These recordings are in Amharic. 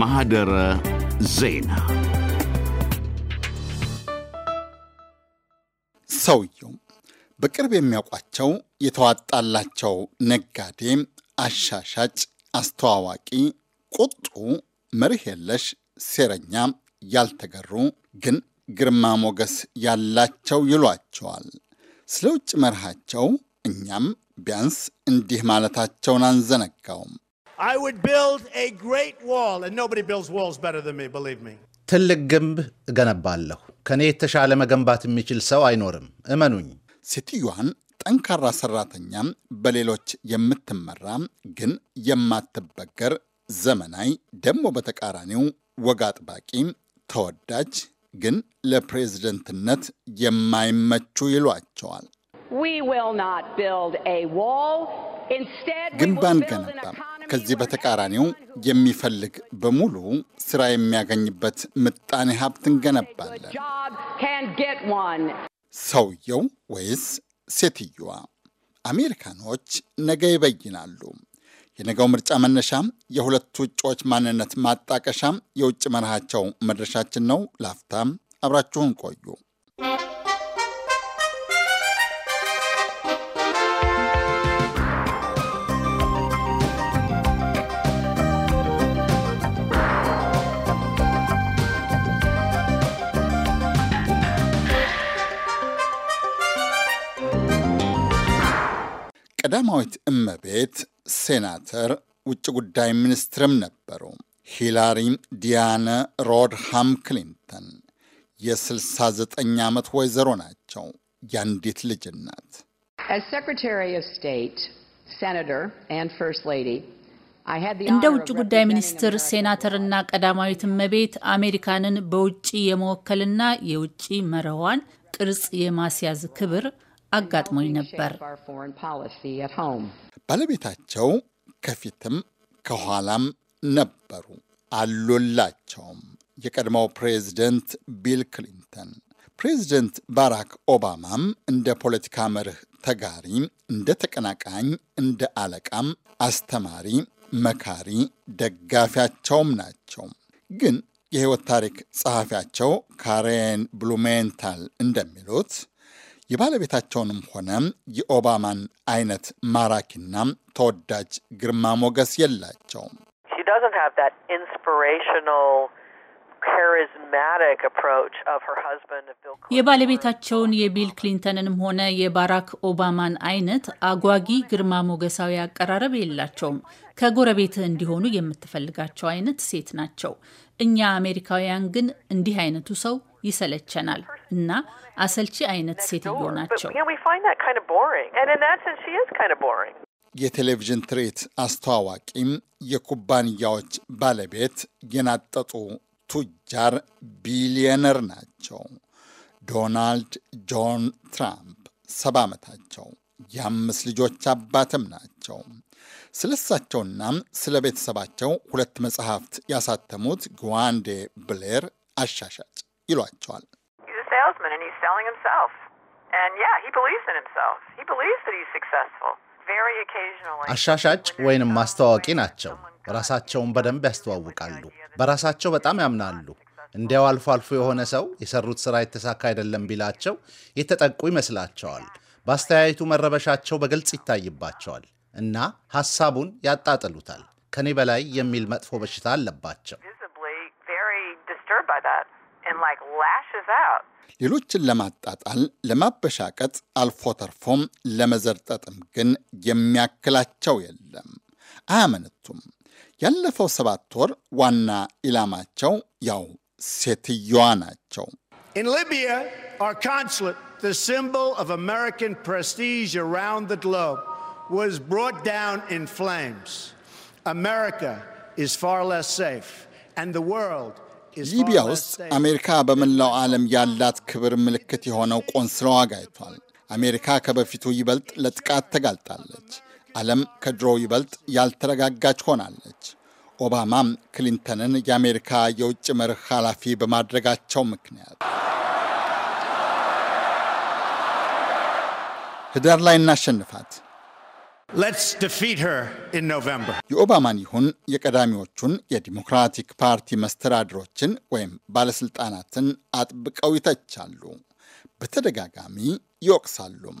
ማህደረ ዜና። ሰውየው በቅርብ የሚያውቋቸው የተዋጣላቸው ነጋዴ፣ አሻሻጭ፣ አስተዋዋቂ፣ ቁጡ፣ መርህ የለሽ፣ ሴረኛ፣ ያልተገሩ ግን ግርማ ሞገስ ያላቸው ይሏቸዋል። ስለ ውጭ መርሃቸው እኛም ቢያንስ እንዲህ ማለታቸውን አንዘነጋውም። ትልቅ ግንብ እገነባለሁ፣ ከእኔ የተሻለ መገንባት የሚችል ሰው አይኖርም፣ እመኑኝ። ሴትዮዋን ጠንካራ ሰራተኛም በሌሎች የምትመራ ግን የማትበገር ዘመናዊ ደግሞ በተቃራኒው ወግ አጥባቂ ተወዳጅ ግን ለፕሬዝደንትነት የማይመቹ ይሏቸዋል። ግን ባንገነባም ከዚህ በተቃራኒው የሚፈልግ በሙሉ ስራ የሚያገኝበት ምጣኔ ሀብት እንገነባለን። ሰውየው ወይስ ሴትየዋ? አሜሪካኖች ነገ ይበይናሉ። የነገው ምርጫ መነሻም የሁለቱ እጩዎች ማንነት ማጣቀሻም የውጭ መርሃቸው መድረሻችን ነው። ላፍታም አብራችሁን ቆዩ። ቀዳማዊት እመቤት ሴናተር፣ ውጭ ጉዳይ ሚኒስትርም ነበሩ። ሂላሪ ዲያነ ሮድሃም ክሊንተን የ69 ዓመት ወይዘሮ ናቸው። የአንዲት ልጅ እናት። እንደ ውጭ ጉዳይ ሚኒስትር፣ ሴናተርና ቀዳማዊት እመቤት አሜሪካንን በውጭ የመወከልና የውጭ መረዋን ቅርጽ የማስያዝ ክብር አጋጥሞኝ ነበር። ባለቤታቸው ከፊትም ከኋላም ነበሩ፣ አሉላቸውም። የቀድሞው ፕሬዝደንት ቢል ክሊንተን፣ ፕሬዝደንት ባራክ ኦባማም እንደ ፖለቲካ መርህ ተጋሪ፣ እንደ ተቀናቃኝ፣ እንደ አለቃም አስተማሪ፣ መካሪ፣ ደጋፊያቸውም ናቸው። ግን የህይወት ታሪክ ጸሐፊያቸው ካሬን ብሉሜንታል እንደሚሉት የባለቤታቸውንም ሆነ የኦባማን አይነት ማራኪና ተወዳጅ ግርማ ሞገስ የላቸውም። የባለቤታቸውን የቢል ክሊንተንንም ሆነ የባራክ ኦባማን አይነት አጓጊ ግርማ ሞገሳዊ አቀራረብ የላቸውም። ከጎረቤትህ እንዲሆኑ የምትፈልጋቸው አይነት ሴት ናቸው። እኛ አሜሪካውያን ግን እንዲህ አይነቱ ሰው ይሰለቸናል እና አሰልቺ አይነት ሴትዮ ናቸው። የቴሌቪዥን ትርኢት አስተዋዋቂም፣ የኩባንያዎች ባለቤት፣ የናጠጡ ቱጃር ቢሊዮነር ናቸው። ዶናልድ ጆን ትራምፕ ሰባ ዓመታቸው፣ የአምስት ልጆች አባትም ናቸው። ስለ እሳቸውና ስለ ቤተሰባቸው ሁለት መጽሐፍት ያሳተሙት ግዋንዴ ብሌር አሻሻጭ ይሏቸዋል። አሻሻጭ ወይንም ማስተዋወቂ ናቸው። ራሳቸውን በደንብ ያስተዋውቃሉ። በራሳቸው በጣም ያምናሉ። እንዲያው አልፎ አልፎ የሆነ ሰው የሰሩት ስራ የተሳካ አይደለም ቢላቸው የተጠቁ ይመስላቸዋል። በአስተያየቱ መረበሻቸው በግልጽ ይታይባቸዋል። እና ሐሳቡን ያጣጥሉታል። ከኔ በላይ የሚል መጥፎ በሽታ አለባቸው። ሌሎችን ለማጣጣል፣ ለማበሻቀጥ፣ አልፎ ተርፎም ለመዘርጠጥም ግን የሚያክላቸው የለም። አያመነቱም። ያለፈው ሰባት ወር ዋና ኢላማቸው ያው ሴትዮዋ ናቸው። ሊቢያ ር ኮንስላት ሲምል ኦፍ አሜሪካን ፕሬስቲጅ አራውንድ ግሎብ was brought down in flames. America is far less safe, and the world ሊቢያ ውስጥ አሜሪካ በመላው ዓለም ያላት ክብር ምልክት የሆነው ቆንስላው አጋይቷል። አሜሪካ ከበፊቱ ይበልጥ ለጥቃት ተጋልጣለች። ዓለም ከድሮ ይበልጥ ያልተረጋጋች ሆናለች። ኦባማም ክሊንተንን የአሜሪካ የውጭ መርህ ኃላፊ በማድረጋቸው ምክንያት ህዳር ላይ እናሸንፋት የኦባማን ይሁን የቀዳሚዎቹን የዲሞክራቲክ ፓርቲ መስተዳድሮችን ወይም ባለስልጣናትን አጥብቀው ይተቻሉ፣ በተደጋጋሚ ይወቅሳሉም።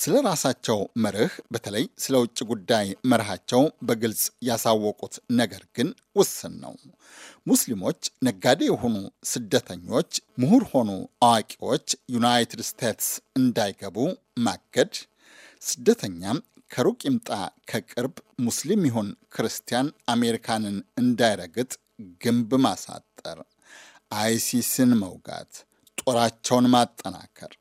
ስለ ራሳቸው መርህ በተለይ ስለ ውጭ ጉዳይ መርሃቸው በግልጽ ያሳወቁት ነገር ግን ውስን ነው። ሙስሊሞች፣ ነጋዴ የሆኑ ስደተኞች፣ ምሁር ሆኑ አዋቂዎች ዩናይትድ ስቴትስ እንዳይገቡ ማገድ ስደተኛም ከሩቅ ይምጣ ከቅርብ ሙስሊም ይሁን ክርስቲያን አሜሪካንን እንዳይረግጥ ግንብ ማሳጠር፣ አይሲስን መውጋት፣ ጦራቸውን ማጠናከር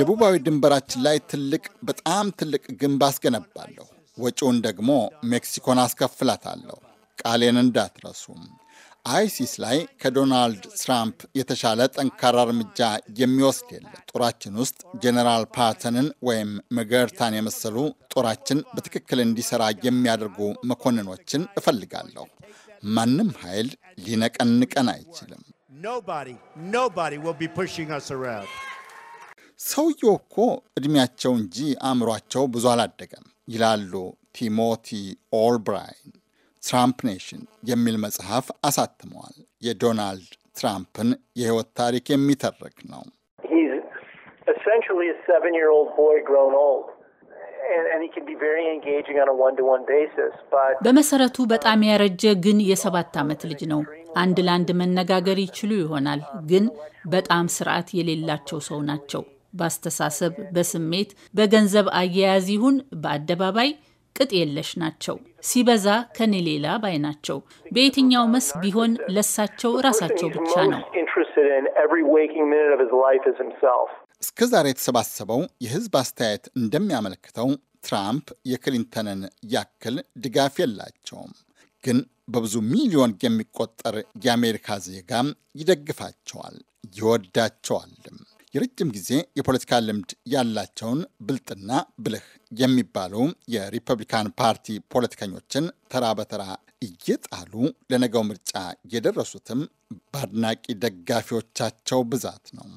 ደቡባዊ ድንበራችን ላይ ትልቅ በጣም ትልቅ ግንብ አስገነባለሁ። ወጪውን ደግሞ ሜክሲኮን አስከፍላታለሁ። ቃሌን እንዳትረሱም። አይሲስ ላይ ከዶናልድ ትራምፕ የተሻለ ጠንካራ እርምጃ የሚወስድ የለ ጦራችን ውስጥ ጄኔራል ፓተንን ወይም መገርታን የመሰሉ ጦራችን በትክክል እንዲሰራ የሚያደርጉ መኮንኖችን እፈልጋለሁ። ማንም ኃይል ሊነቀንቀን አይችልም። ሰውየው እኮ ዕድሜያቸው እንጂ አእምሯቸው ብዙ አላደገም ይላሉ ቲሞቲ ኦልብራይን። ትራምፕ ኔሽን የሚል መጽሐፍ አሳትመዋል። የዶናልድ ትራምፕን የህይወት ታሪክ የሚተርክ ነው። በመሰረቱ በጣም ያረጀ ግን የሰባት ዓመት ልጅ ነው። አንድ ለአንድ መነጋገር ይችሉ ይሆናል፣ ግን በጣም ስርዓት የሌላቸው ሰው ናቸው። በአስተሳሰብ፣ በስሜት፣ በገንዘብ አያያዝ ይሁን በአደባባይ ቅጥ የለሽ ናቸው። ሲበዛ ከኔ ሌላ ባይ ናቸው። በየትኛው መስክ ቢሆን ለሳቸው ራሳቸው ብቻ ነው። እስከ ዛሬ የተሰባሰበው የህዝብ አስተያየት እንደሚያመለክተው ትራምፕ የክሊንተንን ያክል ድጋፍ የላቸውም፣ ግን በብዙ ሚሊዮን የሚቆጠር የአሜሪካ ዜጋም ይደግፋቸዋል፣ ይወዳቸዋልም። የረጅም ጊዜ የፖለቲካ ልምድ ያላቸውን ብልጥና ብልህ የሚባሉ የሪፐብሊካን ፓርቲ ፖለቲከኞችን ተራ በተራ እየጣሉ ለነገው ምርጫ የደረሱትም በአድናቂ ደጋፊዎቻቸው ብዛት ነው።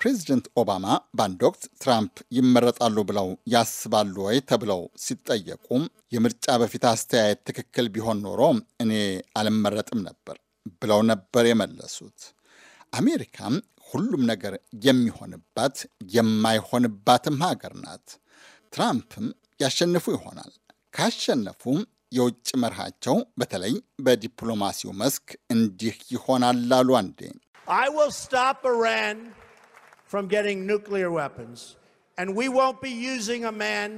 ፕሬዚደንት ኦባማ በአንድ ወቅት ትራምፕ ይመረጣሉ ብለው ያስባሉ ወይ ተብለው ሲጠየቁ የምርጫ በፊት አስተያየት ትክክል ቢሆን ኖሮ እኔ አልመረጥም ነበር ብለው ነበር የመለሱት። አሜሪካ ሁሉም ነገር የሚሆንባት የማይሆንባትም ሀገር ናት። ትራምፕም ያሸንፉ ይሆናል። ካሸነፉ የውጭ መርሃቸው በተለይ በዲፕሎማሲው መስክ እንዲህ ይሆናል ላሉ አንዴ ን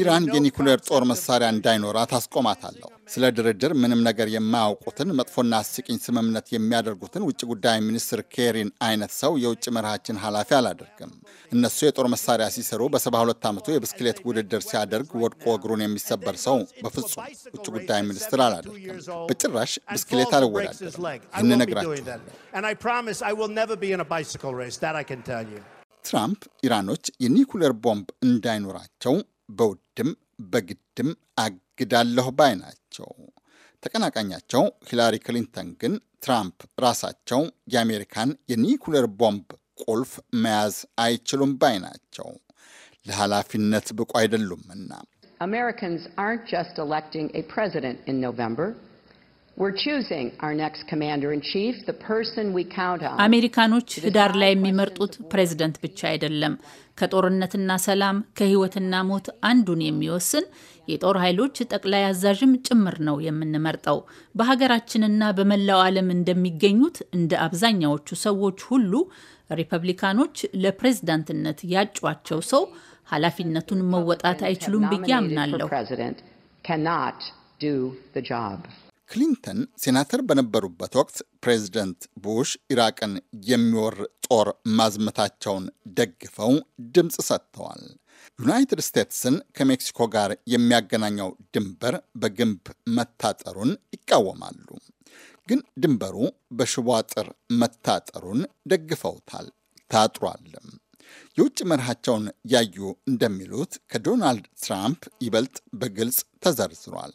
ኢራን የኒኩሌር ጦር መሳሪያ እንዳይኖራት አስቆማታለሁ። ስለ ድርድር ምንም ነገር የማያውቁትን መጥፎና አስቂኝ ስምምነት የሚያደርጉትን ውጭ ጉዳይ ሚኒስትር ኬሪን አይነት ሰው የውጭ መርሃችን ኃላፊ አላደርግም። እነሱ የጦር መሳሪያ ሲሰሩ በ72 ዓመቱ የብስክሌት ውድድር ሲያደርግ ወድቆ እግሩን የሚሰበር ሰው በፍጹም ውጭ ጉዳይ ሚኒስትር አላደርግም። በጭራሽ ብስክሌት አልወዳደርም። ይህን እነግራችኋለሁ። ትራምፕ ኢራኖች የኒኩሌር ቦምብ እንዳይኖራቸው በውድም በግድም አግዳለሁ ባይ ናቸው። ተቀናቃኛቸው ሂላሪ ክሊንተን ግን ትራምፕ ራሳቸው የአሜሪካን የኒኩሌር ቦምብ ቁልፍ መያዝ አይችሉም ባይ ናቸው። ለኃላፊነት ብቁ አይደሉምና። Americans aren't just electing a አሜሪካኖች ህዳር ላይ የሚመርጡት ፕሬዝደንት ብቻ አይደለም። ከጦርነትና ሰላም ከህይወትና ሞት አንዱን የሚወስን የጦር ኃይሎች ጠቅላይ አዛዥም ጭምር ነው የምንመርጠው። በሀገራችንና በመላው ዓለም እንደሚገኙት እንደ አብዛኛዎቹ ሰዎች ሁሉ ሪፐብሊካኖች ለፕሬዝዳንትነት ያጯቸው ሰው ኃላፊነቱን መወጣት አይችሉም ብዬ አምናለሁ። ክሊንተን ሴናተር በነበሩበት ወቅት ፕሬዚደንት ቡሽ ኢራቅን የሚወር ጦር ማዝመታቸውን ደግፈው ድምፅ ሰጥተዋል። ዩናይትድ ስቴትስን ከሜክሲኮ ጋር የሚያገናኘው ድንበር በግንብ መታጠሩን ይቃወማሉ። ግን ድንበሩ በሽቦ አጥር መታጠሩን ደግፈውታል፣ ታጥሯልም። የውጭ መርሃቸውን ያዩ እንደሚሉት ከዶናልድ ትራምፕ ይበልጥ በግልጽ ተዘርዝሯል።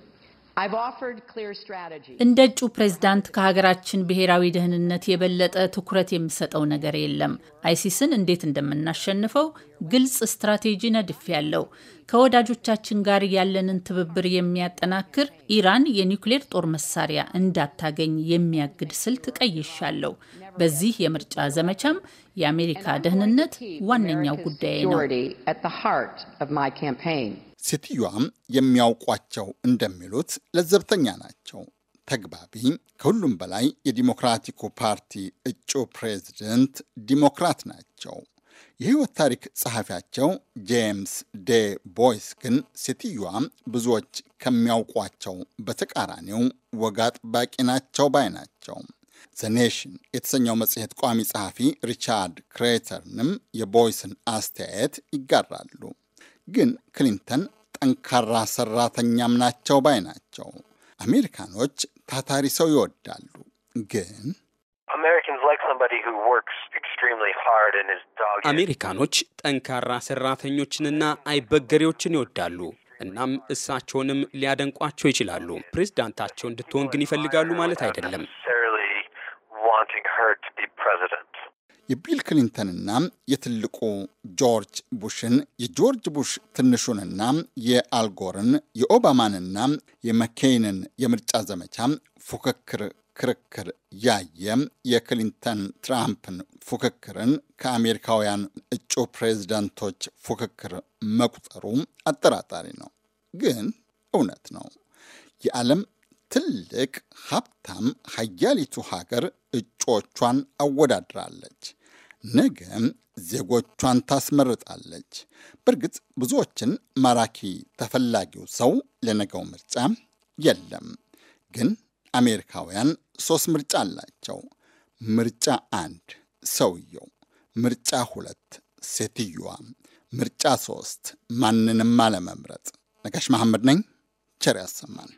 እንደ እጩ ፕሬዝዳንት ከሀገራችን ብሔራዊ ደህንነት የበለጠ ትኩረት የምሰጠው ነገር የለም። አይሲስን እንዴት እንደምናሸንፈው ግልጽ ስትራቴጂ ነድፍ ያለው ከወዳጆቻችን ጋር ያለንን ትብብር የሚያጠናክር ኢራን የኒውክሌር ጦር መሳሪያ እንዳታገኝ የሚያግድ ስልት ቀይሻለሁ። በዚህ የምርጫ ዘመቻም የአሜሪካ ደህንነት ዋነኛው ጉዳይ ነው። ሴትዮዋም የሚያውቋቸው እንደሚሉት ለዘብተኛ ናቸው፣ ተግባቢ፣ ከሁሉም በላይ የዲሞክራቲኩ ፓርቲ እጩ ፕሬዝደንት ዲሞክራት ናቸው። የህይወት ታሪክ ጸሐፊያቸው ጄምስ ዴ ቦይስ ግን ሴትዮዋ ብዙዎች ከሚያውቋቸው በተቃራኒው ወግ አጥባቂ ናቸው ባይ ናቸው። ዘ ኔሽን የተሰኘው መጽሔት ቋሚ ጸሐፊ ሪቻርድ ክሬተርንም የቦይስን አስተያየት ይጋራሉ። ግን ክሊንተን ጠንካራ ሰራተኛም ናቸው ባይ ናቸው። አሜሪካኖች ታታሪ ሰው ይወዳሉ ግን አሜሪካኖች ጠንካራ ሰራተኞችንና አይበገሬዎችን ይወዳሉ። እናም እሳቸውንም ሊያደንቋቸው ይችላሉ። ፕሬዝዳንታቸው እንድትሆን ግን ይፈልጋሉ ማለት አይደለም። የቢል ክሊንተንና የትልቁ ጆርጅ ቡሽን የጆርጅ ቡሽ ትንሹንና የአልጎርን የኦባማንና የመኬይንን የምርጫ ዘመቻ ፉክክር ክርክር ያየ የክሊንተን ትራምፕን ፉክክርን ከአሜሪካውያን እጩ ፕሬዝዳንቶች ፉክክር መቁጠሩ አጠራጣሪ ነው፣ ግን እውነት ነው። የዓለም ትልቅ ሀብታም ሀያሊቱ ሀገር እጩዎቿን አወዳድራለች። ነገም ዜጎቿን ታስመርጣለች። በእርግጥ ብዙዎችን ማራኪ ተፈላጊው ሰው ለነገው ምርጫ የለም። ግን አሜሪካውያን ሶስት ምርጫ አላቸው። ምርጫ አንድ ሰውየው፣ ምርጫ ሁለት ሴትየዋ፣ ምርጫ ሶስት ማንንም አለመምረጥ። ነጋሽ መሐመድ ነኝ። ቸር ያሰማን።